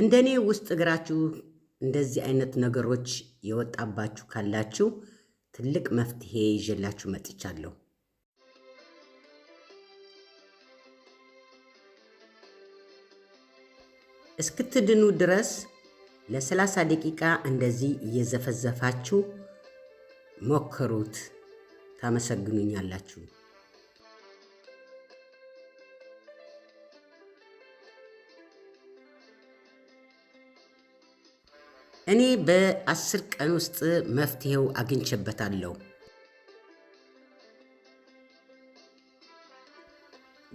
እንደኔ ውስጥ እግራችሁ እንደዚህ አይነት ነገሮች የወጣባችሁ ካላችሁ ትልቅ መፍትሄ ይዤላችሁ መጥቻለሁ። እስክትድኑ ድረስ ለሰላሳ ደቂቃ እንደዚህ እየዘፈዘፋችሁ ሞክሩት። ታመሰግኑኛላችሁ። እኔ በአስር ቀን ውስጥ መፍትሄው አግኝቼበታለሁ።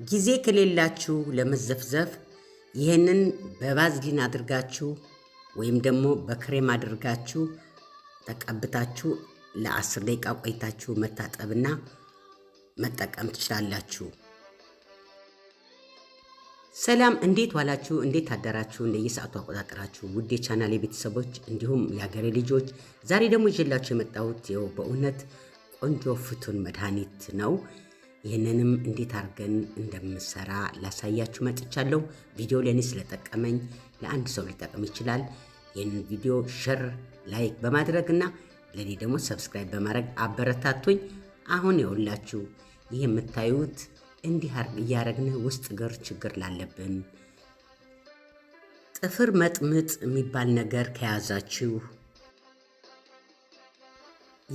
ጊዜ ከሌላችሁ ለመዘፍዘፍ ይህንን በቫዝሊን አድርጋችሁ ወይም ደግሞ በክሬም አድርጋችሁ ተቀብታችሁ ለአስር ደቂቃ ቆይታችሁ መታጠብና መጠቀም ትችላላችሁ። ሰላም እንዴት ዋላችሁ? እንዴት አደራችሁ? እንደ የሰዓቱ አቆጣጠራችሁ ውድ የቻናሌ ቤተሰቦች እንዲሁም የሀገሬ ልጆች፣ ዛሬ ደግሞ ይዤላችሁ የመጣሁት ይኸው በእውነት ቆንጆ ፍቱን መድኃኒት ነው። ይህንንም እንዴት አድርገን እንደምሰራ ላሳያችሁ መጥቻለሁ። ቪዲዮ ለእኔ ስለጠቀመኝ ለአንድ ሰው ሊጠቅም ይችላል። ይህን ቪዲዮ ሸር፣ ላይክ በማድረግ እና ለእኔ ደግሞ ሰብስክራይብ በማድረግ አበረታቱኝ። አሁን ይኸውላችሁ ይህ የምታዩት እንዲህ እያረግንህ ውስጥ እግር ችግር ላለብን ጥፍር መጥምጥ የሚባል ነገር ከያዛችሁ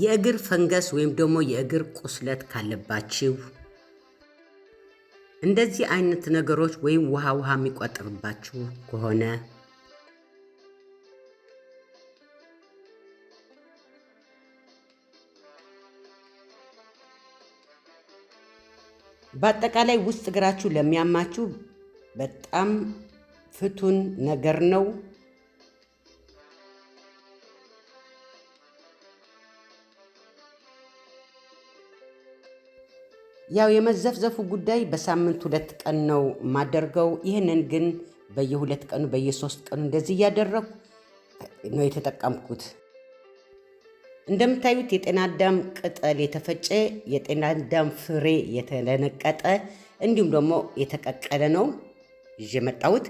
የእግር ፈንገስ ወይም ደግሞ የእግር ቁስለት ካለባችሁ እንደዚህ አይነት ነገሮች ወይም ውሃ ውሃ የሚቆጥርባችሁ ከሆነ በአጠቃላይ ውስጥ እግራችሁ ለሚያማችሁ በጣም ፍቱን ነገር ነው። ያው የመዘፍዘፉ ጉዳይ በሳምንት ሁለት ቀን ነው የማደርገው። ይህንን ግን በየሁለት ቀኑ በየሶስት ቀኑ እንደዚህ እያደረግኩ ነው የተጠቀምኩት። እንደምታዩት የጤና አዳም ቅጠል የተፈጨ፣ የጤና አዳም ፍሬ የተለነቀጠ እንዲሁም ደግሞ የተቀቀለ ነው ይዤ መጣሁት።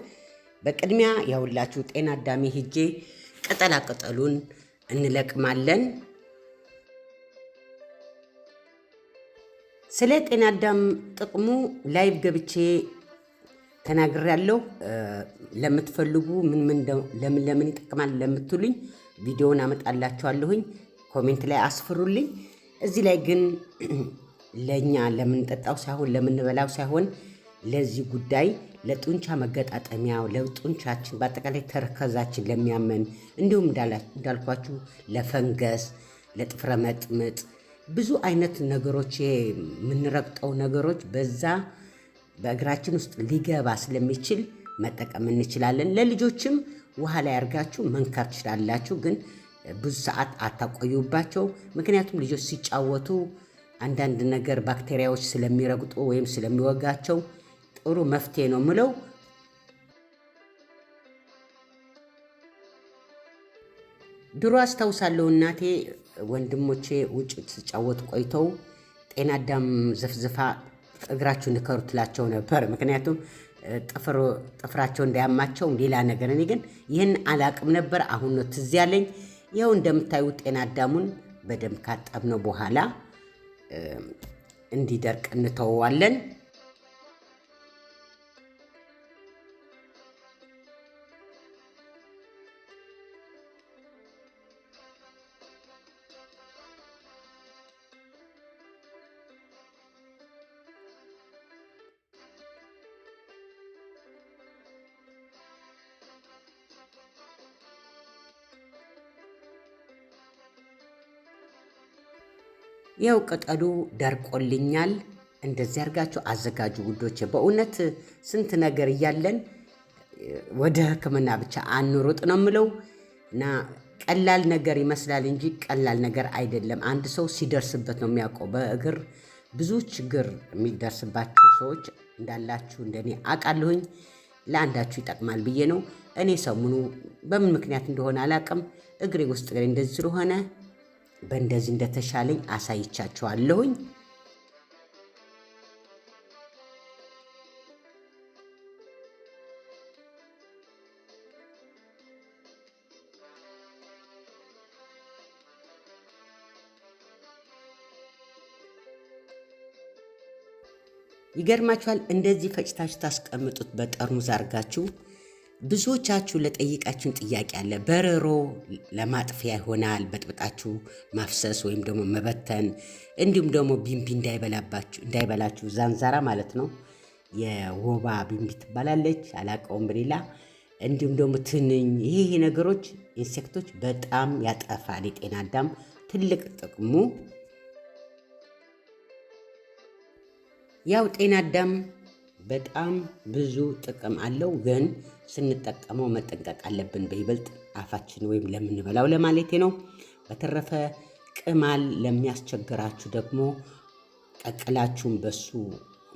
በቅድሚያ ያሁላችሁ ጤና አዳሜ ሂጄ ቅጠላ ቅጠሉን እንለቅማለን። ስለ ጤና አዳም ጥቅሙ ላይቭ ገብቼ ተናግሬያለሁ። ለምትፈልጉ ምን ምን ለምን ለምን ይጠቅማል ለምትሉኝ ቪዲዮውን አመጣላችኋለሁኝ። ኮሜንት ላይ አስፍሩልኝ። እዚህ ላይ ግን ለእኛ ለምንጠጣው ሳይሆን ለምንበላው ሳይሆን ለዚህ ጉዳይ ለጡንቻ መገጣጠሚያው ለጡንቻችን በአጠቃላይ ተረከዛችን ለሚያመን እንዲሁም እንዳልኳችሁ ለፈንገስ፣ ለጥፍረ መጥምጥ ብዙ አይነት ነገሮች የምንረግጠው ነገሮች በዛ በእግራችን ውስጥ ሊገባ ስለሚችል መጠቀም እንችላለን። ለልጆችም ውሃ ላይ አድርጋችሁ መንከር ትችላላችሁ ግን ብዙ ሰዓት አታቆዩባቸው። ምክንያቱም ልጆች ሲጫወቱ አንዳንድ ነገር ባክቴሪያዎች ስለሚረግጡ ወይም ስለሚወጋቸው ጥሩ መፍትሄ ነው ምለው። ድሮ አስታውሳለሁ እናቴ ወንድሞቼ ውጭ ሲጫወቱ ቆይተው ጤናዳም ዘፍዝፋ እግራችሁ ንከሩ ነበር። ምክንያቱም ጥፍራቸው እንዳያማቸው ሌላ ነገር። እኔ ግን ይህን አላቅም ነበር። አሁን ነው ትዝ ያለኝ። ይኸው እንደምታዩ ጤና አዳሙን በደንብ ካጠብነው በኋላ እንዲደርቅ እንተወዋለን። ያው ቅጠሉ ደርቆልኛል። እንደዚህ አድርጋችሁ አዘጋጁ ውዶች። በእውነት ስንት ነገር እያለን ወደ ሕክምና ብቻ አንሩጥ ነው የምለው እና ቀላል ነገር ይመስላል እንጂ ቀላል ነገር አይደለም። አንድ ሰው ሲደርስበት ነው የሚያውቀው። በእግር ብዙ ችግር የሚደርስባችሁ ሰዎች እንዳላችሁ እንደኔ አውቃለሁኝ። ለአንዳችሁ ይጠቅማል ብዬ ነው። እኔ ሰሙኑ በምን ምክንያት እንደሆነ አላውቅም፣ እግሬ ውስጥ እንደዚህ ስለሆነ በእንደዚህ እንደተሻለኝ አሳይቻችኋለሁኝ። ይገርማችኋል። እንደዚህ ፈጭታችሁ ታስቀምጡት በጠርሙዝ አድርጋችሁ ብዙዎቻችሁ ለጠይቃችሁን ጥያቄ አለ። በረሮ ለማጥፊያ ይሆናል፣ በጥብጣችሁ ማፍሰስ ወይም ደግሞ መበተን፣ እንዲሁም ደግሞ ቢንቢ እንዳይበላችሁ ዛንዛራ ማለት ነው። የወባ ቢንቢ ትባላለች፣ አላቀውም በሌላ እንዲሁም ደግሞ ትንኝ፣ ይሄ ነገሮች ኢንሴክቶች በጣም ያጠፋል። የጤና አዳም ትልቅ ጥቅሙ ያው ጤና አዳም በጣም ብዙ ጥቅም አለው። ግን ስንጠቀመው መጠንቀቅ አለብን። በይበልጥ አፋችን ወይም ለምንበላው ለማለቴ ነው። በተረፈ ቅማል ለሚያስቸግራችሁ ደግሞ ቀቅላችሁም በሱ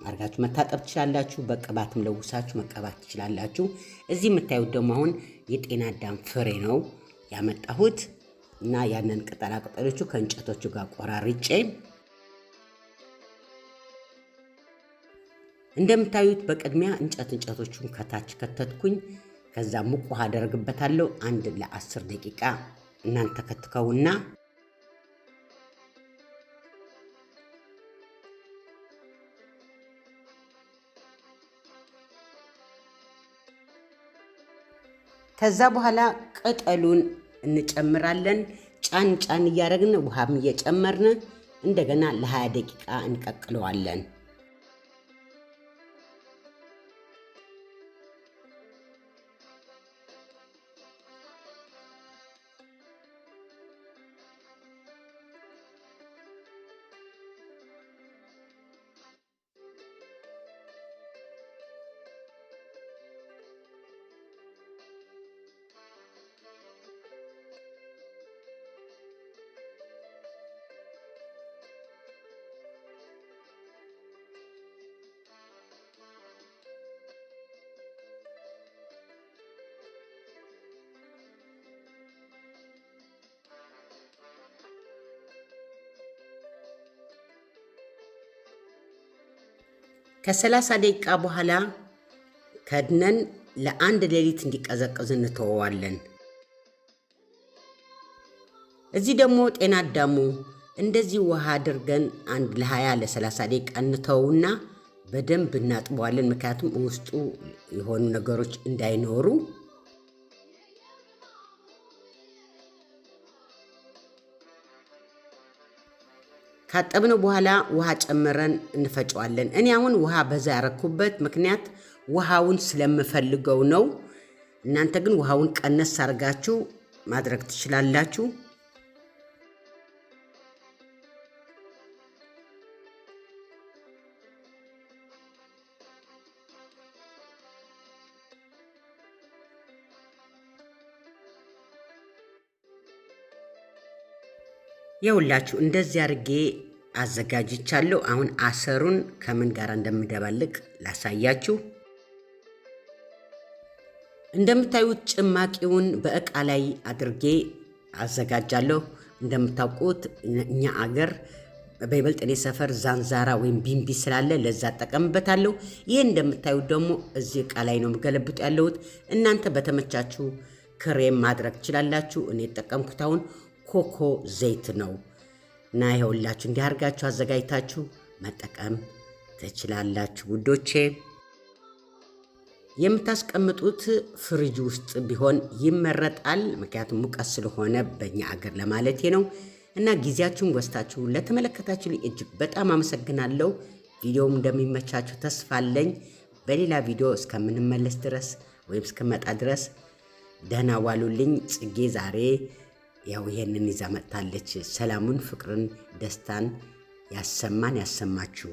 አርጋችሁ መታጠብ ትችላላችሁ። በቅባትም ለውሳችሁ መቀባት ትችላላችሁ። እዚህ የምታዩት ደግሞ አሁን የጤና አዳም ፍሬ ነው ያመጣሁት እና ያንን ቅጠላ ቅጠሎቹ ከእንጨቶቹ ጋር ቆራርጬ እንደምታዩት በቅድሚያ እንጨት እንጨቶቹን ከታች ከተትኩኝ። ከዛ ሙቅ ውሃ አደርግበታለሁ አንድ ለአስር ደቂቃ እናንተ ከትከውና ከዛ በኋላ ቅጠሉን እንጨምራለን። ጫን ጫን እያደረግን ውሃም እየጨመርን እንደገና ለ20 ደቂቃ እንቀቅለዋለን። ከሰላሳ ደቂቃ በኋላ ከድነን ለአንድ ሌሊት እንዲቀዘቅዝ እንተወዋለን። እዚህ ደግሞ ጤና አዳሙ እንደዚህ ውሃ አድርገን አንድ ለሀያ ለሰላሳ ደቂቃ እንተውና በደንብ እናጥበዋለን። ምክንያቱም ውስጡ የሆኑ ነገሮች እንዳይኖሩ ካጠብነው በኋላ ውሃ ጨምረን እንፈጨዋለን። እኔ አሁን ውሃ በዛ ያረኩበት ምክንያት ውሃውን ስለምፈልገው ነው። እናንተ ግን ውሃውን ቀነስ አድርጋችሁ ማድረግ ትችላላችሁ። የውላችሁ እንደዚህ አድርጌ አዘጋጅቻለሁ። አሁን አሰሩን ከምን ጋር እንደምደባልቅ ላሳያችሁ። እንደምታዩት ጭማቂውን በእቃ ላይ አድርጌ አዘጋጃለሁ። እንደምታውቁት እኛ አገር በይበልጥ እኔ ሰፈር ዛንዛራ ወይም ቢንቢ ስላለ ለዛ እጠቀምበታለሁ። ይህ እንደምታዩት ደግሞ እዚህ እቃ ላይ ነው የምገለብጡ ያለሁት። እናንተ በተመቻችሁ ክሬም ማድረግ ትችላላችሁ። እኔ የጠቀምኩት አሁን ኮኮ ዘይት ነው እና ይኸውላችሁ እንዲያርጋችሁ አዘጋጅታችሁ መጠቀም ትችላላችሁ ውዶቼ። የምታስቀምጡት ፍሪጅ ውስጥ ቢሆን ይመረጣል። ምክንያቱም ሙቀት ስለሆነ በእኛ አገር ለማለቴ ነው። እና ጊዜያችሁን ወስታችሁ ለተመለከታችሁ እጅግ በጣም አመሰግናለሁ። ቪዲዮውም እንደሚመቻችሁ ተስፋ አለኝ። በሌላ ቪዲዮ እስከምንመለስ ድረስ ወይም እስከመጣ ድረስ ደህና ዋሉልኝ። ጽጌ ዛሬ ያው ይሄንን ይዛ መጥታለች። ሰላሙን፣ ፍቅርን፣ ደስታን ያሰማን ያሰማችሁ።